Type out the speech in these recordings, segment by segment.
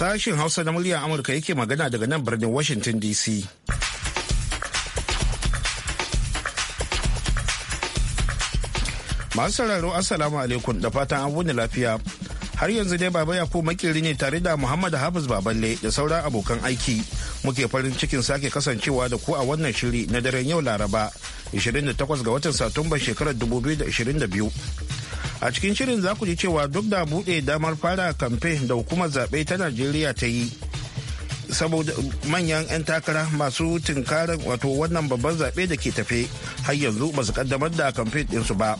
sashen Hausa na muryar Amurka yake magana daga nan birnin Washington DC. Masu sauraro Assalamu alaikum da fatan an wuni lafiya. Har yanzu dai Baba Yakubu makiri ne tare da Muhammad Hafiz Baballe da sauran abokan aiki. Muke farin cikin sake kasancewa da ku a wannan shiri na daren yau Laraba 28 ga watan Satumba shekarar 2022. a cikin shirin za ku ji cewa duk da buɗe damar fara kamfe da hukumar zaɓe ta najeriya ta yi saboda manyan 'yan takara masu tunkarar wato wannan babban zaɓe da ke tafe har yanzu ba su kaddamar da kamfe ɗinsu ba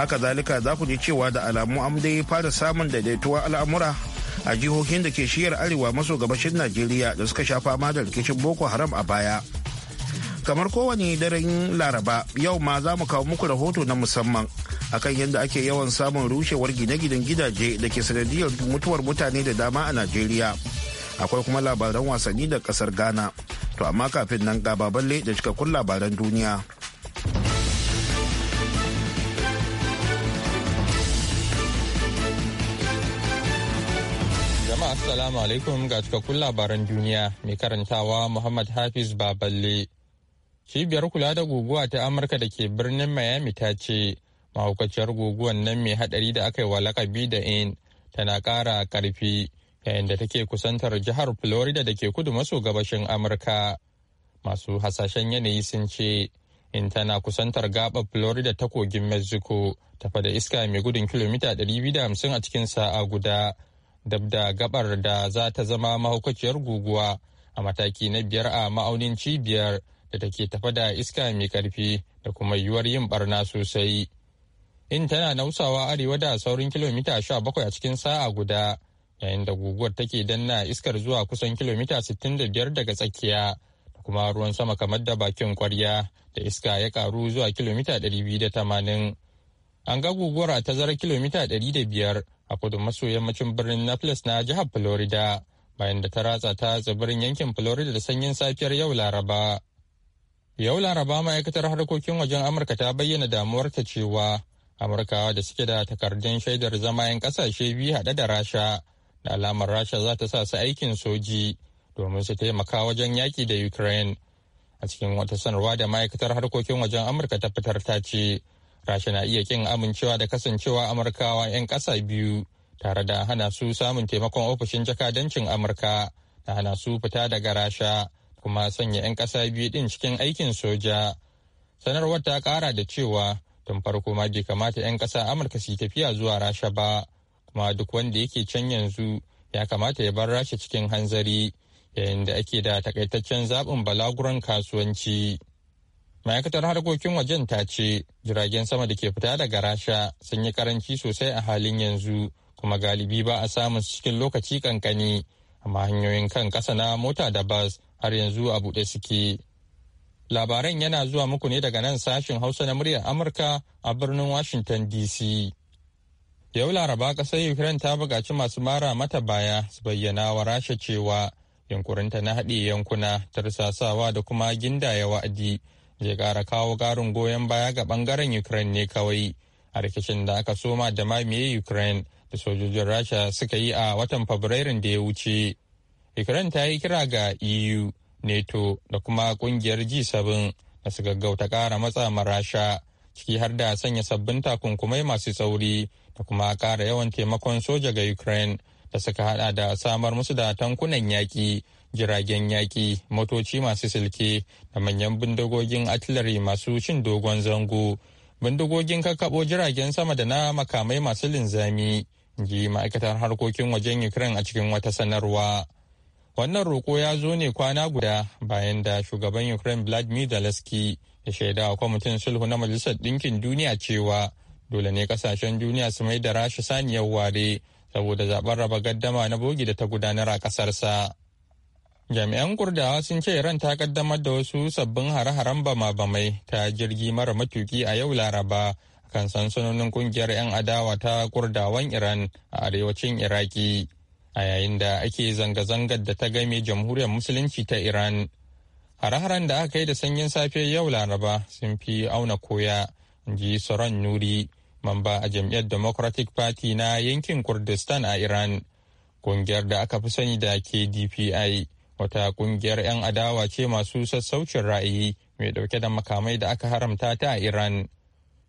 haka zalika za ku ji cewa da alamu an dai fara samun daidaituwa al'amura a jihohin da ke shiyar arewa maso gabashin najeriya da suka sha fama da rikicin boko haram a baya kamar kowane daren laraba yau ma za mu kawo muku rahoto na musamman akan yadda ake yawan samun rushewar gine-ginen gidaje da ke sanadiyar mutuwar mutane da dama a najeriya akwai kuma labaran wasanni da kasar ghana to amma kafin nan ga baballe da cikakkun labaran duniya jama'a assalamu alaikum ga cikakkun labaran duniya mai karantawa muhammad hafiz baballe cibiyar kula da guguwa ta amurka da ke birnin miami ta ce mahaukaciyar guguwan nan mai hadari da aka yi wa lakabi da in tana kara karfi yayin da take kusantar jihar florida da ke kudu maso gabashin amurka masu hasashen yanayi sun ce in tana kusantar gabar florida ta kogin mexico tafa da iska mai gudun kilomita 250 a cikin sa'a guda dab da gabar da za ta zama mahaukaciyar guguwa a mataki na biyar a ma'aunin cibiyar da take tafa da iska mai karfi da kuma yiwuwar yin barna sosai in tana nausawa arewa da saurin kilomita 17 a cikin sa'a guda yayin da guguwar take danna iskar zuwa kusan kilomita 65 daga tsakiya da kuma ruwan sama kamar da bakin kwarya da iska ya karu zuwa kilomita 280 an ga guguwar a tazarar kilomita 105 a kudu maso yammacin birnin naples na jihar florida bayan da ta ratsa ta tsibirin yankin florida da sanyin safiyar yau laraba yau laraba ma'aikatar harkokin wajen amurka ta bayyana damuwarta cewa amurkawa da suke da takardun shaidar zama 'yan kasashe biyu haɗe da rasha da alamar rasha za ta sa su aikin soji domin su taimaka wajen yaƙi da ukraine a cikin wata sanarwa da ma'aikatar harkokin wajen amurka ta fitar ta ce rasha na iya kin amincewa da kasancewa amurkawa 'yan ƙasa biyu tare da hana su samun taimakon ofishin jakadancin amurka da hana su fita daga rasha kuma sanya 'yan ƙasa biyu ɗin cikin aikin soja sanarwar ta ƙara da cewa tun farko ma bai kamata 'yan ƙasa amurka su yi tafiya zuwa rasha ba kuma duk wanda yake can yanzu ya kamata ya bar rasha cikin hanzari yayin da ake da takaitaccen zaɓin balaguran kasuwanci ma'aikatar harkokin wajen ta ce jiragen sama da ke fita daga rasha sun yi karanci sosai a halin yanzu kuma galibi ba a samun cikin lokaci kankani amma hanyoyin kan ƙasa na mota da bas har yanzu a buɗe suke Labaran yana zuwa muku ne daga nan sashen Hausa na muryar Amurka a birnin Washington DC. Yau Laraba ƙasar Ukraine ta buƙaci masu mara mata baya su bayyana wa Rasha cewa yankurinta na haɗe yankuna tarsasawa da kuma ginda ya wa'adi zai ƙara kawo garin goyon baya ga ɓangaren Ukraine ne kawai a rikicin da aka soma da mamaye Ukraine da sojojin Rasha suka yi a watan Fabrairun da ya wuce. Ukraine ta yi kira ga EU neto da kuma kungiyar g7 da su gaggauta kara matsa marasha ciki har da sanya sabbin takunkumai masu sauri da kuma kara yawan taimakon soja ga ukraine da suka hada da samar musu da tankunan yaƙi jiragen yaƙi motoci masu silke da manyan bindigogin artillery masu cin dogon zango bindigogin kakkaɓo jiragen sama da na makamai masu linzami ji ma'aikatar harkokin wajen ukraine a cikin wata sanarwa wannan roƙo ya zo ne kwana guda bayan da shugaban ukraine vladimir zelensky ya shaida wa kwamitin sulhu na majalisar ɗinkin duniya cewa dole ne kasashen duniya su mai da rasha saniyar ware saboda zaben raba gaddama na bogi da ta gudanar a ƙasarsa jami'an kurdawa sun ce iran ta kaddamar da wasu sabbin hare-haren bama-bamai ta jirgi mara matuki a yau laraba kan sansanonin kungiyar 'yan adawa ta kurdawan iran a arewacin iraki a yayin da ake zanga-zangar da ta game jamhuriyar musulunci ta iran hare-haren da aka yi da sanyin safiyar yau laraba sun fi auna koya ji soron nuri mamba a jam'iyyar democratic party na yankin kurdistan a iran ƙungiyar da aka fi sani da kdpi wata ƙungiyar 'yan adawa ce masu sassaucin ra'ayi mai dauke da makamai da aka haramta ta a iran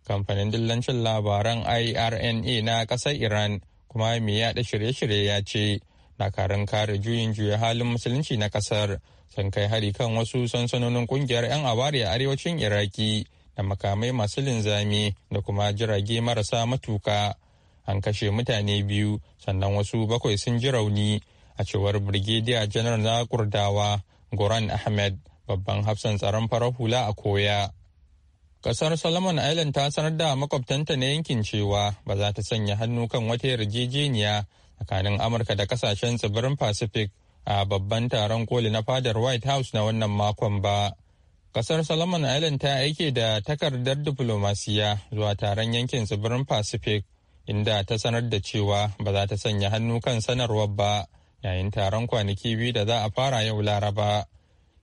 kamfanin dillancin labaran irna na ƙasar iran kuma mai yaɗa shirye-shirye ya ce dakarun kare juyin juya halin musulunci na kasar sun kai hari kan wasu sansanonin kungiyar 'yan awari a arewacin iraki da makamai masu linzami da kuma jirage marasa matuka an kashe mutane biyu sannan wasu bakwai sun ji rauni a cewar brigadier Janar na kurdawa goran ahmed babban hafsan tsaron farar hula a koya Kasar Solomon Island ta sanar da makwabtanta na yankin cewa ba za ta sanya hannu kan wata yarjejeniya tsakanin Amurka da kasashen tsibirin Pacific a babban taron koli na fadar White House na wannan makon ba. Kasar Solomon Island ta aike da takardar diplomasiya zuwa taron yankin tsibirin Pacific inda ta sanar da cewa ba za ta sanya hannu kan sanarwar ba yayin taron kwanaki biyu da za a fara yau Laraba.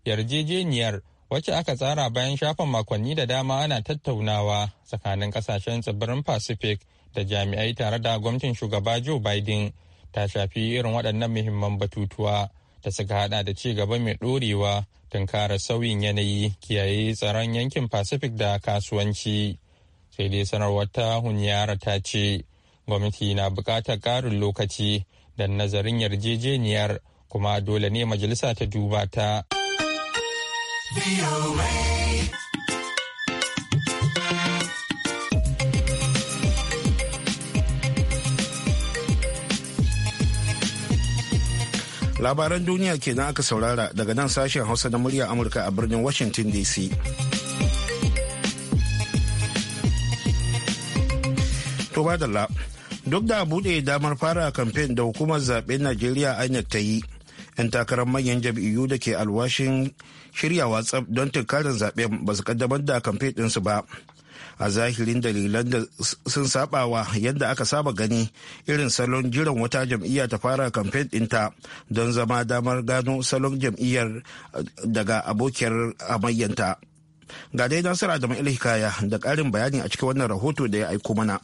Yarjejeniyar wacce aka tsara bayan shafan makonni da dama ana tattaunawa tsakanin kasashen tsibirin pacific da jami'ai tare da gwamnatin shugaba joe biden ta shafi irin waɗannan muhimman batutuwa ta suka hada da ci gaba mai ɗorewa tunkara sauyin yanayi kiyaye tsaron yankin pacific da kasuwanci sai dai sanarwar ta hunyara ta ce gwamnati na buƙatar ƙarin lokaci don nazarin yarjejeniyar kuma dole ne majalisa ta duba ta. Labaran duniya kenan aka saurara daga nan sashen Hausa na murya Amurka a birnin Washington DC. To duk da buɗe damar fara kamfen da hukumar zaɓen Najeriya INEC ta yi. 'yan takarar manyan jam'iyyu da ke alwashin shiryawa tsab don tunkarar zaben ba su kaddamar da kamfe ɗinsu ba a zahirin dalilan da sun sabawa yadda aka saba gani irin salon jiran wata jam'iyya ta fara kamfen ɗinta don zama damar gano salon jam'iyyar eh, daga abokiyar amayyanta ga dai nasara da mai da ƙarin bayani a cikin wannan rahoto da ya aiko mana.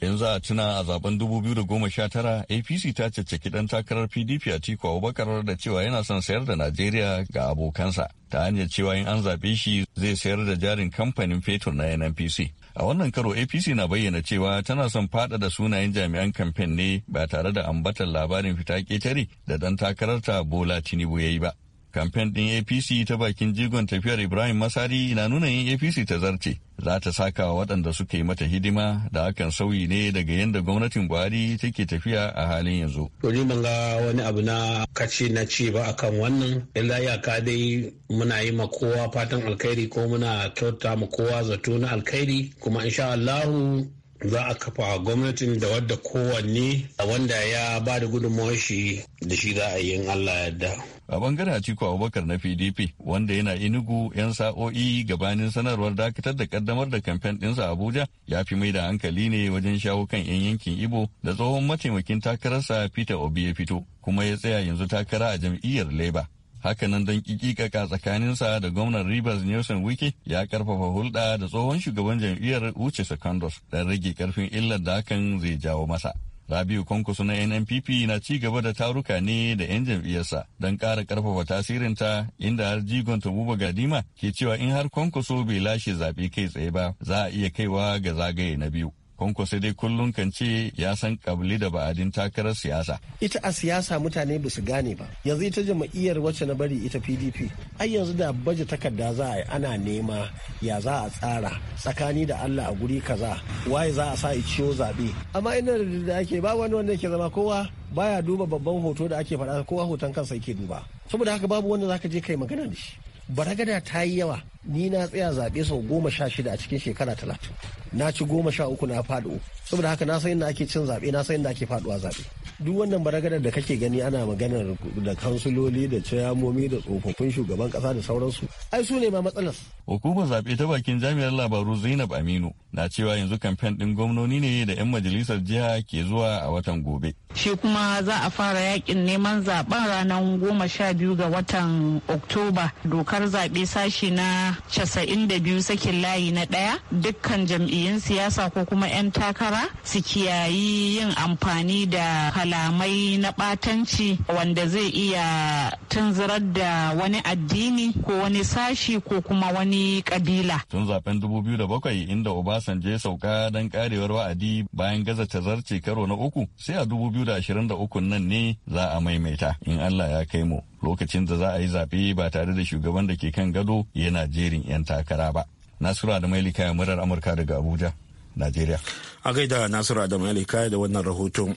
in za a tuna a zaben 2019 apc ta caccaki dan takarar pdp a tiku abubakar da cewa yana son sayar da najeriya ga abokansa ta hanyar cewa in an zaɓe shi zai sayar da jarin kamfanin fetur na nnpc a wannan karo apc na bayyana cewa tana son da sunayen jami'an kamfen ne ba tare da ambatar labarin fita ketare da dan takararta bola tinubu ya yi ba kamfen ɗin apc ta bakin jigon tafiyar ibrahim masari na nuna yin apc ta zarce za ta saka wa waɗanda suka yi mata hidima da hakan sauyi ne daga yadda gwamnatin buhari take tafiya a halin yanzu. to ni ban ga wani abu na kace na ce ba akan wannan illa iyaka dai muna yi ma kowa fatan alkhairi ko muna kyauta ma kowa zato na alkhairi kuma insha allahu za a kafa gwamnatin da wadda kowanne wanda ya ba da gudunmawar shi da shi za a yi yin Allah yadda. A bangaren ciko Abubakar na PDP wanda yana inugu 'yan sa'o'i gabanin sanarwar dakatar da kaddamar da kamfen ɗinsa Abuja ya fi mai da hankali ne wajen shawo kan 'yan yankin Ibo da tsohon mataimakin takararsa Peter Obi ya fito kuma ya tsaya yanzu takara a jam'iyyar Labour. hakanan don kikikaka tsakaninsa da gwamnan rivers nelson wiki ya karfafa hulɗa da tsohon shugaban jam'iyyar wuce secondos don rage karfin illar da hakan zai jawo masa rabiu kwankwaso na nnpp na ci gaba da taruka ne da 'yan jam'iyyarsa don ƙara ƙarfafa tasirinta inda har jigon tabuba gadima ke cewa in har kwankwaso bai lashe zaɓe kai tsaye ba za a iya kaiwa ga zagaye na biyu Kwankwaso dai kullum kan ce ya san kabli da ba'adin takarar siyasa. Ita a siyasa mutane ba su gane ba. Yanzu ita jama'iyyar wacce na bari ita PDP. Ai yanzu da baje takarda za a yi ana nema ya za a tsara tsakani da Allah a guri kaza waye za a sa i ciwo zaɓe. Amma ina da ake ba wani wanda ke zama kowa baya duba babban hoto da ake faɗa kowa hoton kansa yake duba. Saboda haka babu wanda zaka je kai magana da shi. Baragada ta yi yawa ni na tsaya zaɓe sau goma sha shida a cikin shekara talatin na ci goma sha uku na faɗo saboda haka na san inda ake cin zaɓe na san inda ake faɗuwa zaɓe duk wannan baragadar da kake gani ana maganar da kansuloli da ciyamomi da tsofaffin shugaban ƙasa da sauransu ai su ne ma matsalar. hukumar zaɓe ta bakin jami'ar labaru zainab aminu na cewa yanzu kamfen din gwamnoni ne da 'yan majalisar jiha ke zuwa a watan gobe. shi kuma za a fara yakin neman zaɓen ranar goma sha biyu ga watan oktoba dokar zaɓe sashi na casa'in da biyu sakin layi na ɗaya dukkan jam'iyyun siyasa ko kuma 'yan takara su kiyayi yin amfani da kalamai na ɓatanci wanda zai iya tunzurar da wani addini ko wani sashi ko kuma wani kabila. Tun da 2007 inda Obasanjo ya sauka don karewar wa'adi bayan gaza tazarce karo na uku sai a 2023 nan ne za a maimaita in Allah ya kai mu. lokacin da za a yi zaɓe ba tare da shugaban da ke kan gado yana jerin 'yan takara ba. Nasura da kayan ya murar Amurka daga Abuja, Najeriya. A gaida nasiru ya Mailika da wannan rahoton.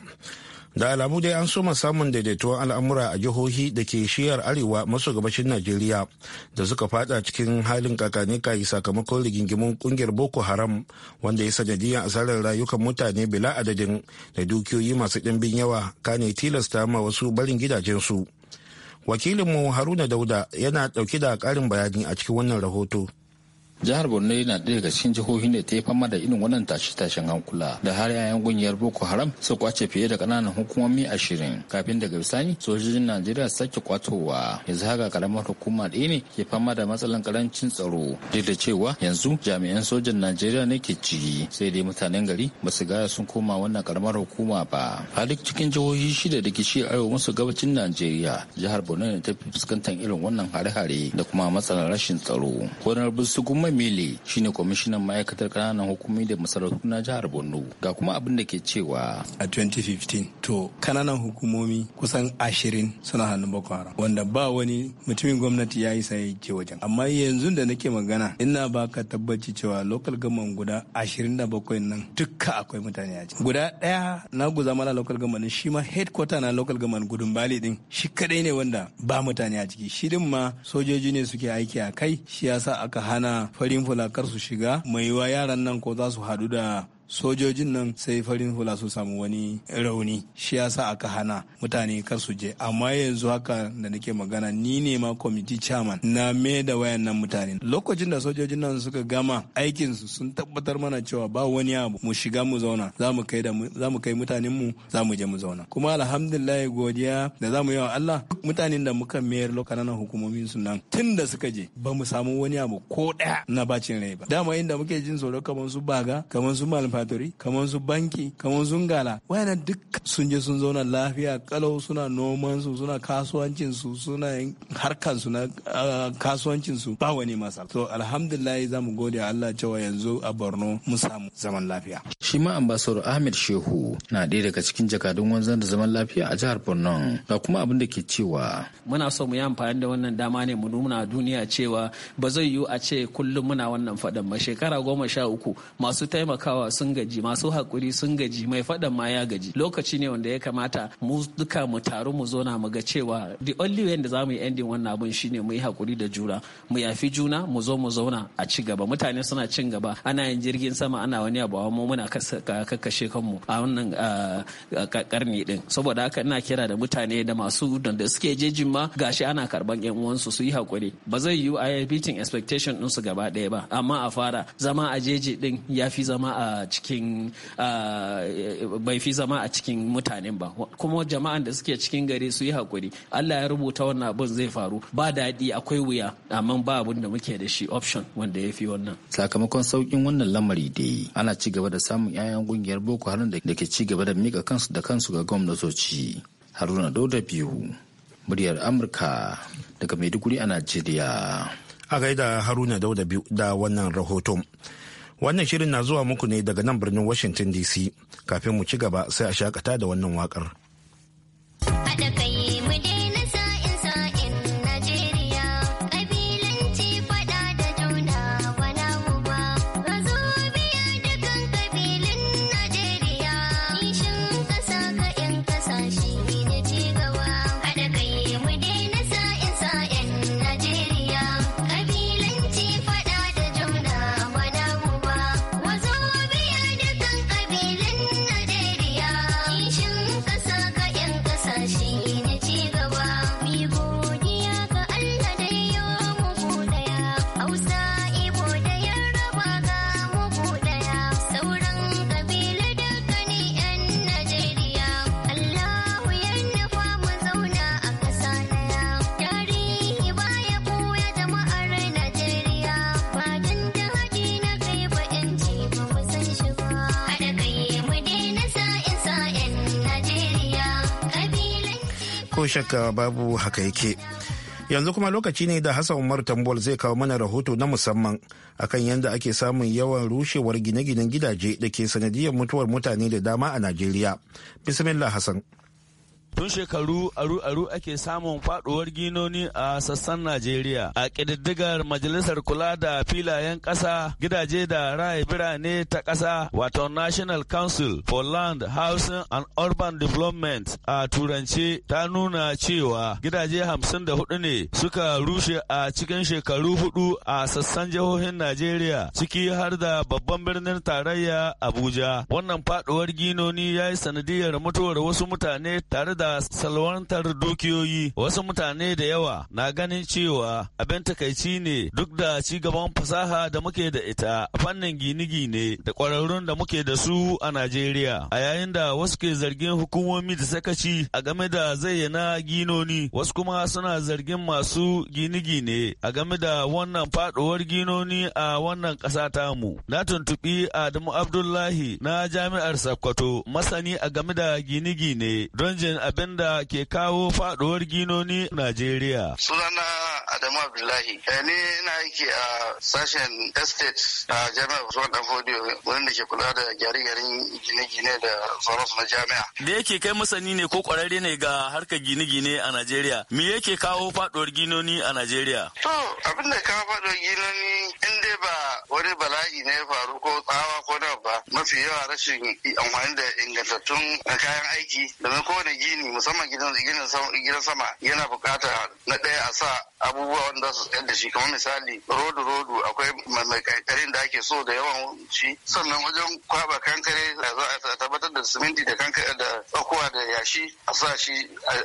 Da alamu dai an soma samun daidaituwan al'amura a jihohi da ke shiyar arewa maso gabashin Najeriya da suka fada cikin halin kakani kayi sakamakon rigingimun kungiyar Boko Haram wanda ya sanadiyar asarar rayukan mutane bila adadin da dukiyoyi masu ɗimbin yawa kane tilasta ma wasu barin gidajensu. su. wakilinmu haruna dauda yana dauke da karin bayani a cikin wannan rahoto jihar borno yana ɗaya daga cikin jihohin da ta yi fama da irin wannan tashe-tashen hankula da har yayan gungiyar boko haram su kwace fiye da ƙananan hukumomi ashirin kafin daga bisani sojojin najeriya su sake kwatowa yanzu haka karamar hukuma ɗaya ne ke fama da matsalan karancin tsaro duk da cewa yanzu jami'an sojan najeriya ne ke ci sai dai mutanen gari ba su gaya sun koma wannan karamar hukuma ba a duk cikin jihohi shida da ke shi arewa masu gabacin najeriya jihar borno ne ta fi fuskantar irin wannan hare-hare da kuma matsalar rashin tsaro Mele shine kwamishinan ma'aikatar kananan hukumi da masarautu na jihar Borno. Ga kuma abin da ke cewa a 2015 to kananan hukumomi kusan ashirin suna hannun Boko Haram wanda ba wani mutumin gwamnati ya yi sai ke wajen. Amma yanzu da nake magana ina baka tabbaci cewa local government guda ashirin da bakwai nan dukka akwai mutane a ciki. Guda ɗaya na guza mala local government shi ma headquarter na local gaman gudun Bali din shi kadai ne wanda ba mutane a ciki. Shi din ma sojoji ne suke aiki a kai shi yasa aka hana farin fulakar su shiga mai yiwa yaran nan ko za su haɗu da sojojin nan sai farin hula su samu wani rauni shi yasa aka hana mutane kar su je amma yanzu haka da nake magana ni ne ma kwamiti chairman na me da wayan nan mutane lokacin da sojojin nan suka gama aikin su sun tabbatar mana cewa ba wani abu mu shiga mu zauna za mu kai mutanen mu za mu je mu zauna kuma alhamdulillah godiya da za mu yi Allah mutanen da muka mayar lokacin hukumomin su nan tun da suka je ba mu samu wani abu ko daya na bacin rai ba dama inda muke jin tsoro kamar su baga kamar su malfa refinery kamar su banki kamar zungala wayanan duk sun je sun zauna lafiya kalau suna noman su suna kasuwancin su suna harkan su na ah, kasuwancin su ba wani masa. to alhamdulillah za mu gode Allah cewa yanzu a Borno mun samu zaman lafiya shi ma ambassador Ahmed Shehu na ɗaya daga cikin jakadun wanzan da zaman lafiya a jihar Borno da kuma abin da ke cewa muna so mu yi amfani da wannan dama ne mu nuna duniya cewa ba zai yiwu a ce kullum muna wannan faɗan ba shekara goma sha uku masu taimakawa sun gaji masu hakuri sun gaji mai faɗan ma ya gaji lokaci ne wanda ya kamata mu duka mu taru mu zona mu ga cewa the only way da za mu yi ending wannan abun shine mu yi hakuri da jura mu yafi juna mu zo mu zauna a ci gaba mutane suna cin gaba ana yin jirgin sama ana wani abu amma muna kakkashe kanmu a wannan karni din saboda haka ina kira da mutane da masu da suke jejin ma gashi ana karban yan uwansu su yi hakuri ba zai yiwu a beating expectation din su gaba ɗaya ba amma a fara zama a jeji din ya fi zama a cikin ah, bai fi zama a cikin mutanen ba kuma jama'an da suke cikin gari su yi hakuri Allah ya rubuta wannan abin zai faru ba daɗi akwai wuya amma ba abin da muke da shi option wanda ya fi wannan sakamakon saukin wannan lamari da yi ana ci gaba da samun 'ya'yan kungiyar boko haram da ke ci gaba da mika kansu da kansu ga gwamnatoci haruna dauda biyu muryar amurka daga maiduguri a najeriya a gaida haruna dauda biyu da wannan rahoton Wannan shirin na zuwa muku ne daga nan birnin Washington DC kafin mu ci gaba sai a shakata da wannan wakar. ko shakka babu haka yake yanzu kuma lokaci ne da hassan umar tambol zai kawo mana rahoto na musamman akan yadda ake samun yawan rushewar gine-ginen gidaje da ke sanadiyar mutuwar mutane da dama a najeriya bismillah hassan Tun shekaru aru-aru ake samun faduwar ginoni a sassan Najeriya. A ƙididdigar Majalisar Kula da Filayen Ƙasa, Gidaje da Raya Birane ta Ƙasa, wato National Council for Land, Housing and Urban Development a Turance ta nuna cewa gidaje hamsin da hudu ne suka rushe a cikin shekaru hudu a sassan jihohin Najeriya, ciki har da babban birnin tarayya Abuja. Wannan faduwar ginoni ya yi sanadiyar mutuwar wasu mutane tare da da salwantar dukiyoyi wasu mutane da yawa na ganin cewa abin takaici ne duk da ci gaban fasaha da muke da ita a fannin gine-gine da kwararrun da muke da su a Najeriya a yayin da wasu ke zargin hukumomi da sakaci a game da zayyana ginoni wasu kuma suna zargin masu gine-gine a game da wannan faduwar ginoni a wannan ƙasa tamu na tuntubi Adamu Abdullahi na jami'ar Sokoto masani a game da gine-gine don jin abin da ke kawo faduwar ginoni Najeriya. Sunana Adamu Abdullahi, eh, ni ina aiki a sashen estate a jami'ar Usman Danfodiyo wanda ke kula da gyare-gyaren gine-gine da sauransu na jami'a. Da yake kai masani ne ko kwararre ne ga harkar gine-gine a Najeriya, me yake kawo faduwar ginoni a Najeriya? To, abin da kawo faduwar ginoni in dai ba wani bala'i ne ya faru ko tsawa ko na ba mafi yawa rashin amfani da ingantattun kayan aiki domin kowane gini gini musamman gidan sama yana bukata na ɗaya a sa abubuwa wanda su tsayar da shi kamar misali rodu rodu akwai mai da ake so da yawan shi sannan wajen kwaba kankare da za a tabbatar da siminti da kankare da tsakuwa da yashi a sa shi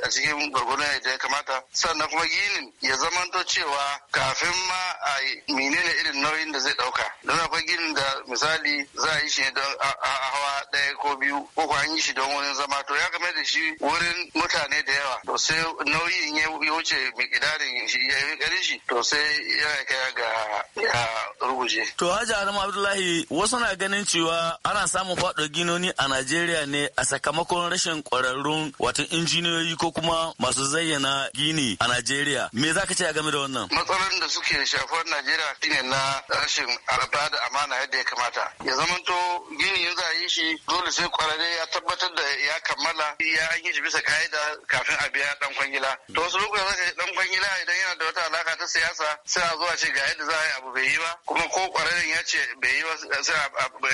a cikin gwargwadon da ya kamata sannan kuma ginin ya zamanto cewa kafin ma a menene irin nauyin da zai dauka don akwai ginin da misali za a yi shi don a hawa ɗaya ko biyu ko an yi shi don wani zama to ya game da shi wurin wurin mutane da yawa to sai nauyin ya wuce mikidarin shi ya gari shi to sai yana kaya ga ya ruguje. To Haji Adamu Abdullahi wasu na ganin cewa ana samun faɗo ginoni a Najeriya ne a sakamakon rashin ƙwararrun wato injiniyoyi ko kuma masu zayyana gini a Najeriya. Me za ka ce game da wannan? Matsalar da suke shafar Najeriya shine na rashin alba da amana yadda ya kamata ya zamanto gini ya za yi shi dole sai kwararre ya tabbatar da ya kammala ya an yi shi bisa ka'ida kafin a biya dan kwangila to wasu lokutan zaka dan kwangila idan yana da wata alaka ta siyasa sai a zuwa ce ga yadda za a yi abu bai yi ba kuma ko kwararren ya ce bai yi ba sai a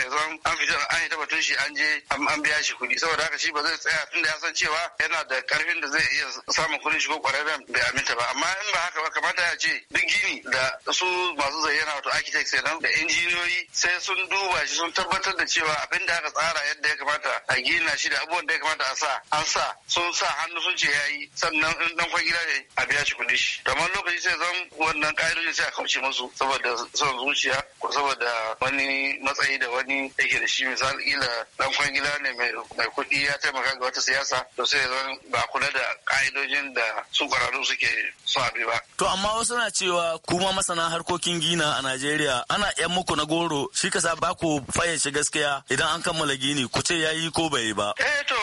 zan an fita an yi tabbatun shi an je an biya shi kuɗi saboda haka shi ba zai tsaya tunda ya san cewa yana da karfin da zai iya samun kuɗin shi ko kwararren bai aminta ba amma in ba haka ba kamata ya ce duk gini da su masu zayyana wato architects kenan da injiniyoyi sai sai sun duba shi sun tabbatar da cewa abin da aka tsara yadda ya kamata a gina shi da abubuwan da ya kamata a sa an sa sun sa hannu sun ce yayi sannan in dan kwangila ne a biya shi kuɗi shi kamar lokaci sai zan wannan ka'idojin sai a kauce musu saboda son zuciya ko saboda wani matsayi da wani yake da shi misali kila dan kwangila ne mai kuɗi ya taimaka ga wata siyasa to sai zan ba kula da ƙa'idojin da su ƙwararru suke so a ba. To amma wasu na cewa kuma masana harkokin gina a Najeriya ana 'yan muku na goro shi kasa ba ku fayyace gaskiya idan an kammala gini ku ce ya yi ko bai yi ba eh to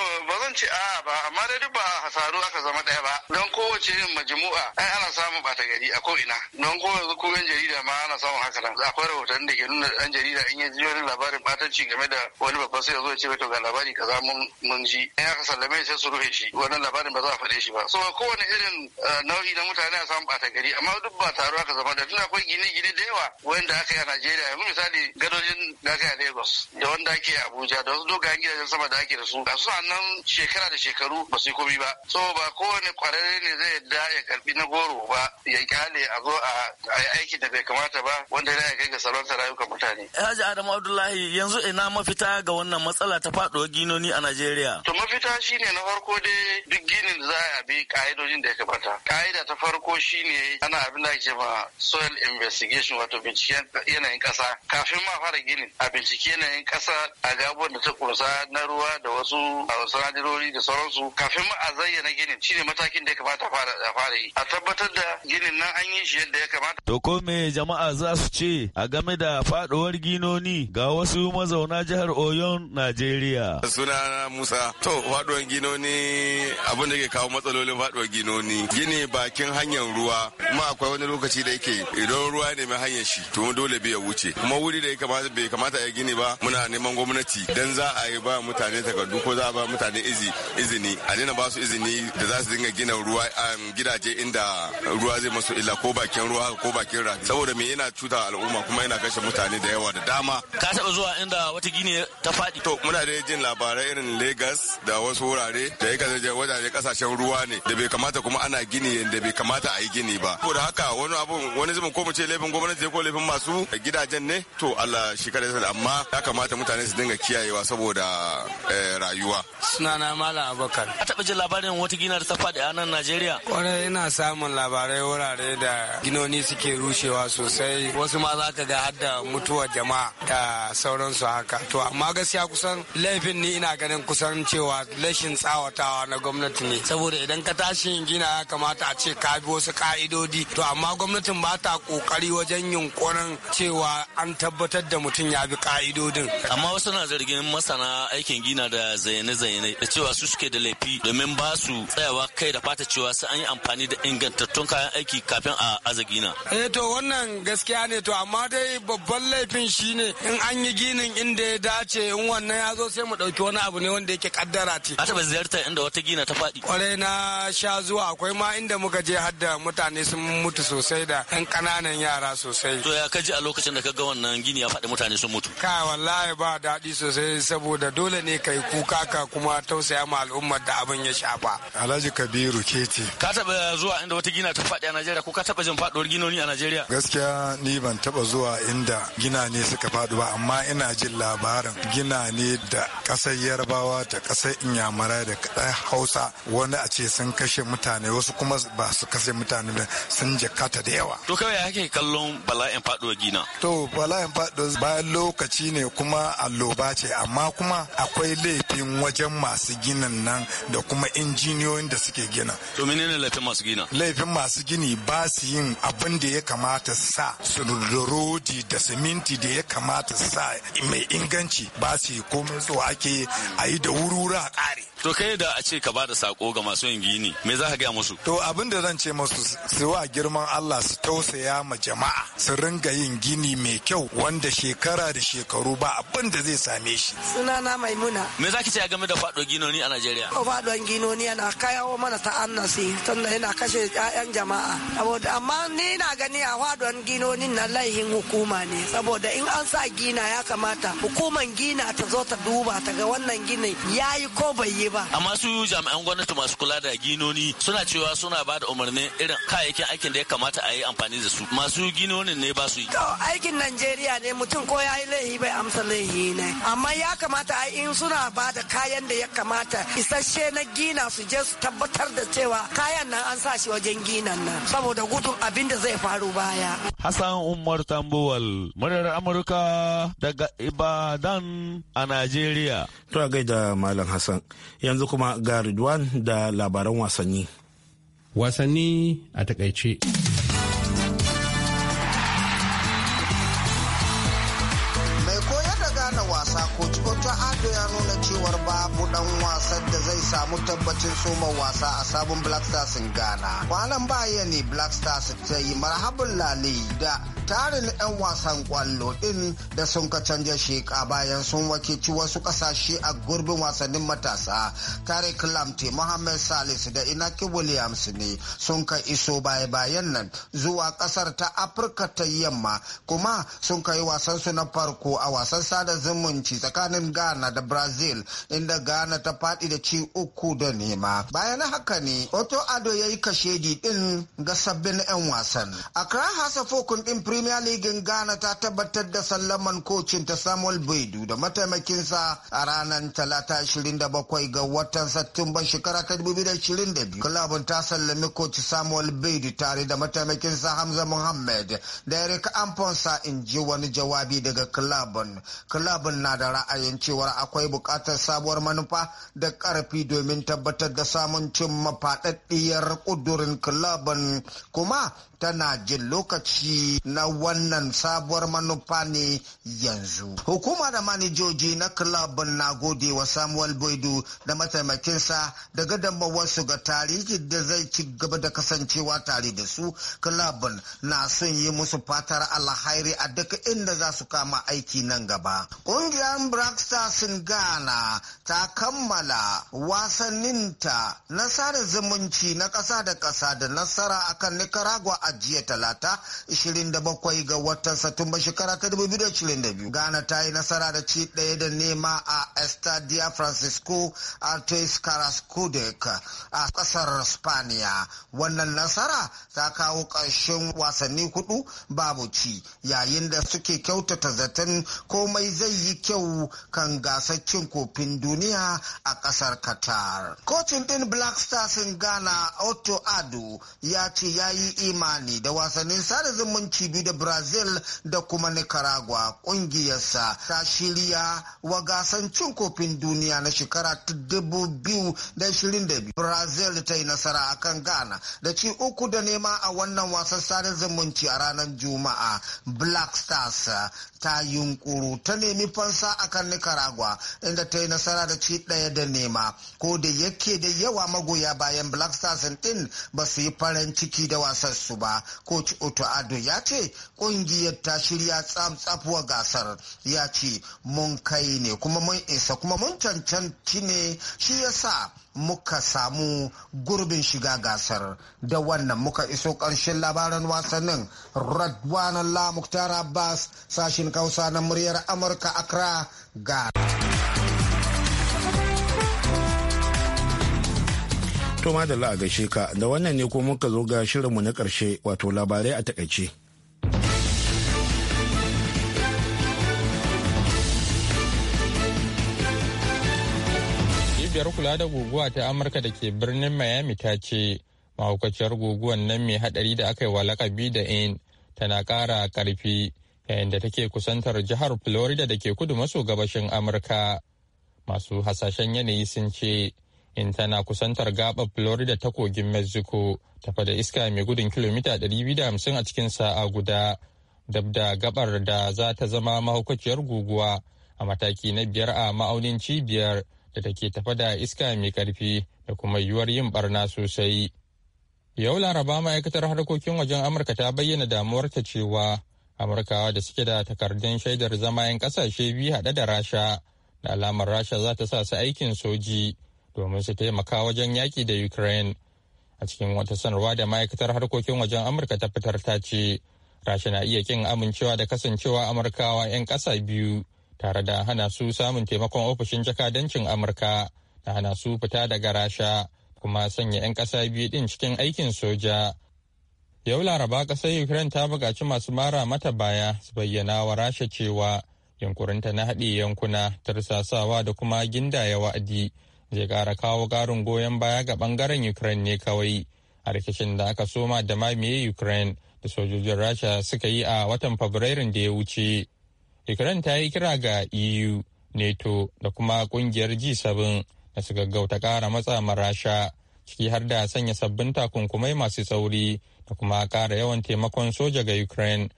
zan a ba amma dai duk ba hasaru aka zama daya ba don kowace yin majmu'a ai ana samun ɓata gari a ko ina don ko yanzu yan jarida ma ana samun haka nan akwai rahoton da ke nuna ɗan jarida in ya ji wani labarin batanci game da wani babban sai ya zo ya ce to ga labari kaza mun mun ji in aka sallame sai su rufe shi wannan labarin ba za a faɗe shi ba so kowane irin eh, nau'i na mutane a samun ɓata gari amma duk ba taro aka zama da tun akwai gine-gine da yawa wanda aka yi a Najeriya yanzu misali gadojin da aka yi a Lagos da wanda ake a Abuja da wasu dogayen gidajen sama da ake da su a shekara da shekaru ba su yi komi ba so ba kowane kwararre ne zai yadda ya karbi na goro ba ya kyale a zo a yi aiki da bai kamata ba wanda ya kai ga ta rayuka mutane. Haji Adamu Abdullahi yanzu ina mafita ga wannan matsala ta faɗuwar ginoni a Najeriya. To mafita shine na farko dai duk ginin da za a bi ka'idojin da ya kamata. Ka'ida ta farko shine ana abin da ake ma soil investigation wato binciken yanayin ƙasa. Kafin ma fara ginin a bincike yanayin ƙasa a gabon da ta ƙunsa na ruwa da wasu a jagorori da sauransu kafin ma a zayyana ginin shine matakin da ya kamata a fara yi a tabbatar da ginin nan an yi shi yadda ya kamata. To ko me jama'a za su ce a game da faduwar ginoni ga wasu mazauna jihar Oyon Najeriya. suna Musa to faduwar ginoni abin da ke kawo matsalolin faduwar ginoni gini bakin hanyar ruwa kuma akwai wani lokaci da yake idan ruwa ne mai hanyar shi to dole bai wuce kuma wuri da ya kamata bai kamata ya gini ba muna neman gwamnati dan za a yi ba mutane takardu ko za a ba mutane izini izini a daina ba su izini da za su dinga gina ruwa gidaje inda ruwa zai masu illa ko bakin ruwa ko bakin rafi saboda me yana cuta al'umma kuma yana kashe mutane da yawa da dama ka taba zuwa inda wata gine ta faɗi to muna da jin labarai irin Lagos da wasu wurare da ya kasance wajaje kasashen ruwa ne da bai kamata kuma ana gini yadda bai kamata a yi gini ba saboda haka wani abun wani zubin ko mu ce laifin gwamnati ko laifin masu gidajen ne to Allah shi kada amma ya kamata mutane su dinga kiyayewa saboda eh, rayuwa sunana Malam Abubakar. A taɓa jin labarin wata ginar ta faɗi a nan Najeriya? Kwarai ina samun labarai wurare da ginoni suke rushewa sosai wasu ma za ka ga har da jama'a da sauransu haka. To amma gaskiya kusan laifin ni ina ganin kusan cewa rashin tsawatawa na gwamnati ne. Saboda idan ka tashi gina ya kamata a ce ka bi wasu ka'idodi. To amma gwamnatin ba ta ƙoƙari wajen yunƙurin cewa an tabbatar da mutum ya bi ka'idodin. Amma wasu na zargin masana aikin gina da zayyane-zayyane cewa su suke da laifi domin ba su tsayawa kai da fata cewa sai an yi amfani da ingantattun kayan aiki kafin a aza gina. Eh to wannan gaskiya ne to amma dai babban laifin shine in an yi ginin inda ya dace in wannan ya zo sai mu ɗauki wani abu ne wanda yake kaddara ce. a taɓa ziyartar inda wata gina ta faɗi. Kwarai na sha zuwa akwai ma inda muka je hadda mutane sun mutu sosai da 'yan ƙananan yara sosai. To ya kaji a lokacin da ka ga wannan gini ya faɗi mutane sun mutu. Ka wallahi ba daɗi sosai saboda dole ne kai kuka ka kuma tausa siya ma al'ummar da abin ya shafa. Alhaji Kabiru Kece. Ka taɓa zuwa inda wata gina ta faɗi a Najeriya ko ka taɓa jin faɗuwar ginoni a Najeriya? Gaskiya ni ban taɓa zuwa inda gina ne suka faɗu ba amma ina jin labarin gina ne da ƙasar Yarbawa da ƙasar Inyamara da ƙasar Hausa wani a ce sun kashe mutane wasu kuma ba su kashe mutane da sun jakata da yawa. To kawai ake kallon bala'in faɗuwar gina. To bala'in faɗuwar bayan lokaci ne kuma alloba ce amma kuma akwai laifin wajen masu masu ginin nan da kuma injiniyoyin da suke gina. To menene laifin masu gina? Laifin masu gini ba su yin abin da ya kamata sa su da siminti da ya kamata sa mai inganci ba su yi komai so ake a yi da wurwura a kare. To kai da a ce ka bada sako ga masu yin gini me za ka gaya musu? To abin da zan ce musu su wa girman Allah su tausaya ma jama'a su ringa yin gini mai kyau wanda shekara da shekaru ba abin da zai same shi. Sunana Maimuna. Me za ki ce game da faɗo ginoni a Najeriya? Ko faɗon ginoni yana kayawo mana ta'annasi tunda yana kashe ƴaƴan jama'a. Amma ni na gani a faɗon ginoni na laihin hukuma ne saboda in an sa gina ya kamata hukuman gina ta zo ta duba ta ga wannan ginin yayi ko bai yi ba amma su jami'an gwamnati masu kula da ginoni suna cewa suna ba da umarnin irin kayayyakin aikin da ya kamata a yi amfani da su masu ginonin ne ba su yi to aikin najeriya ne mutum ko ya yi laihi bai amsa laihi ne amma ya kamata a in suna ba da kayan da ya kamata isasshe na gina su je su tabbatar da cewa kayan nan an sa shi wajen ginan nan saboda gudun abin da zai faru baya Hassan Umar Tambuwal, muryar Amurka daga Ibadan a Najeriya. To gaida Malam Hassan, yanzu kuma ga Ridwan da labaran wasanni. Wasanni a takaice. samu tabbacin soma wasa a sabon Black Stars in Ghana. Kwanan baya ne Black Stars ta yi marhabin lali da tarin 'yan wasan kwallo din da sun ka canja sheka bayan sun wakilci wasu kasashe a gurbin wasannin matasa. Tariq Lamte, Mohammed salis da Inaki Williams ne sun ka iso baya-bayan nan zuwa kasar ta Afirka ta yamma kuma sun ka yi wasansu na farko a wasan sada zumunci tsakanin Ghana da Brazil inda Ghana ta faɗi da ci uku da nema. Bayan haka ne oto Ado ya yi kashedi ɗin ga sabbin 'yan wasan. Accra Hasa Fokun din Premier League Ghana ta tabbatar da sallaman kocin ta Samuel Baidu da mataimakinsa a ranar talata 27 ga watan Satumban shekara ta 2022. Kulabun ta sallami koci Samuel Baidu tare da mataimakinsa Hamza Muhammad da Eric Amponsa in ji wani jawabi daga kulabun. Kulabun na da ra'ayin cewar akwai bukatar sabuwar manufa da karfi domin tabbatar da samun cin faɗaɗɗiyar ƙudurin kilabin kuma tana jin lokaci na wannan sabuwar manufa ne yanzu. Hukuma da manijoji na kilabin na gode wa Samuel Boydu da mataimakinsa da gadamawarsu ga tarihi da zai ci gaba da kasancewa tare da su kilabin na son yi musu fatar alhairi a duk inda za su kama aiki nan gaba. Ƙungiyar Black Stars Ghana ta kammala wa wasanninta na sada zumunci na ƙasa da ƙasa da nasara akan Nicaragua a jiya talata 27 ga watan Satumba shekara ta 2022. Ghana ta yi nasara da ci ɗaya da nema a Estadia Francisco Artois Carascudec a ƙasar Spaniya. Wannan nasara ta kawo ƙarshen wasanni hudu babu ci yayin da suke kyautata zaton komai zai yi kyau kan gasar cin kofin duniya a ƙasar Qatar. Kocin ɗin Black Stars in Ghana Otto Ado ya ce ya yi imani da wasannin sada zumunci biyu da Brazil da kuma Nicaragua ƙungiyarsa ta shirya wa gasan cin kofin duniya na shekara ta dubu biyu da ishirin da biyu. Brazil ta yi nasara a kan Ghana da ci uku da nema a wannan wasan sada zumunci a ranar Juma'a. Black Stars ta yunkuru ta nemi fansa a kan Nicaragua inda ta yi nasara da ci ɗaya da nema ko da yake da yawa magoya bayan black stars din ba su yi farin ciki da wasan su ba coach oto ado ya ce kungiyar ta shirya tsaf-tsafuwa gasar ya ce mun kai ne kuma mun isa kuma mun cancanci ne shi yasa muka samu gurbin shiga gasar da wannan muka iso ƙarshen labaran wasannin radwanan lamuktar abbas sashin kausa na muryar amurka accra ga To madalla a gaishe ka da wannan ne ko muka zo ga shirinmu na ƙarshe wato labarai a takaice. Cibiyar kula da guguwa ta Amurka da ke birnin Miami ta ce mahaukaciyar guguwan nan mai hadari da aka yi wa lakabi da in tana ƙara ƙarfi yayin da take kusantar jihar Florida da ke kudu maso gabashin Amurka. Masu hasashen yanayi sun ce in tana kusantar gaɓa florida ta kogin mexico tafa da iska mai gudun kilomita 250 a cikin sa'a guda dab da gabar da za ta zama mahaukaciyar guguwa a mataki na biyar a ma'aunin cibiyar da take tafa da iska mai karfi da kuma yiwuwar yin barna sosai yau laraba ma'aikatar harkokin wajen amurka ta bayyana damuwarta cewa amurkawa da suke da takardun shaidar zama 'yan kasashe biyu haɗe da rasha da alamar rasha za ta sa su aikin soji domin su taimaka wajen yaƙi da Ukraine. A cikin wata sanarwa da ma'aikatar harkokin wajen Amurka ta fitar ta ce, Rasha na iya kin amincewa da kasancewa Amurkawa 'yan ƙasa biyu tare da hana su samun taimakon ofishin jakadancin Amurka da hana su fita daga Rasha kuma sanya 'yan ƙasa biyu din cikin aikin soja. Yau Laraba ƙasar Ukraine ta buƙaci masu mara mata baya su bayyana wa Rasha cewa yunkurinta na haɗe yankuna tarsasawa da kuma gindaya wa'adi zai kara kawo ƙarin goyon baya ga ɓangaren Ukraine ne kawai a rikicin da aka soma da mamaye Ukraine da sojojin Rasha suka yi a watan Fabrairun da ya wuce. Ukraine ta yi kira ga EU, NATO da kuma kungiyar G7 da su gaggauta ƙara matsa Rasha ciki har da sanya sabbin takunkumai masu sauri da kuma kara yawan taimakon soja ga Ukraine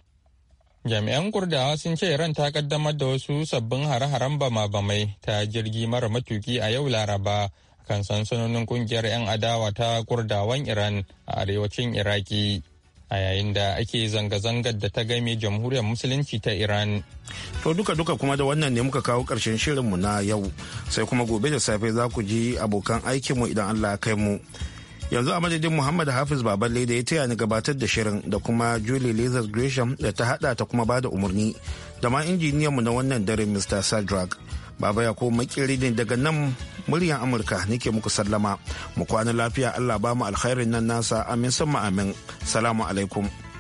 Jami'an Kurdawa sun ce Iran ta kaddamar da wasu sabbin hare-haren bama-bamai ta jirgi mara matuki a yau Laraba kan sansanonin kungiyar 'yan adawa ta Kurdawan Iran a arewacin Iraki. a yayin da ake zanga-zangar da ta game jamhuriyar musulunci ta iran to duka-duka kuma da wannan ne muka kawo karshen shirinmu na yau sai kuma gobe da safe za ku ji abokan aikinmu idan allah kai mu yanzu a madadin muhammad hafiz baballe da ya taya ni gabatar da shirin da kuma julie lizard gresham da ta hada ta kuma bada umarni da ma injiniyanmu na wannan dare mr sadrak baba ya ko makiri ne daga nan muryan amurka nake muku sallama mu kwana lafiya allah ba mu alkhairin nan nasa amin sama amin salamu alaikum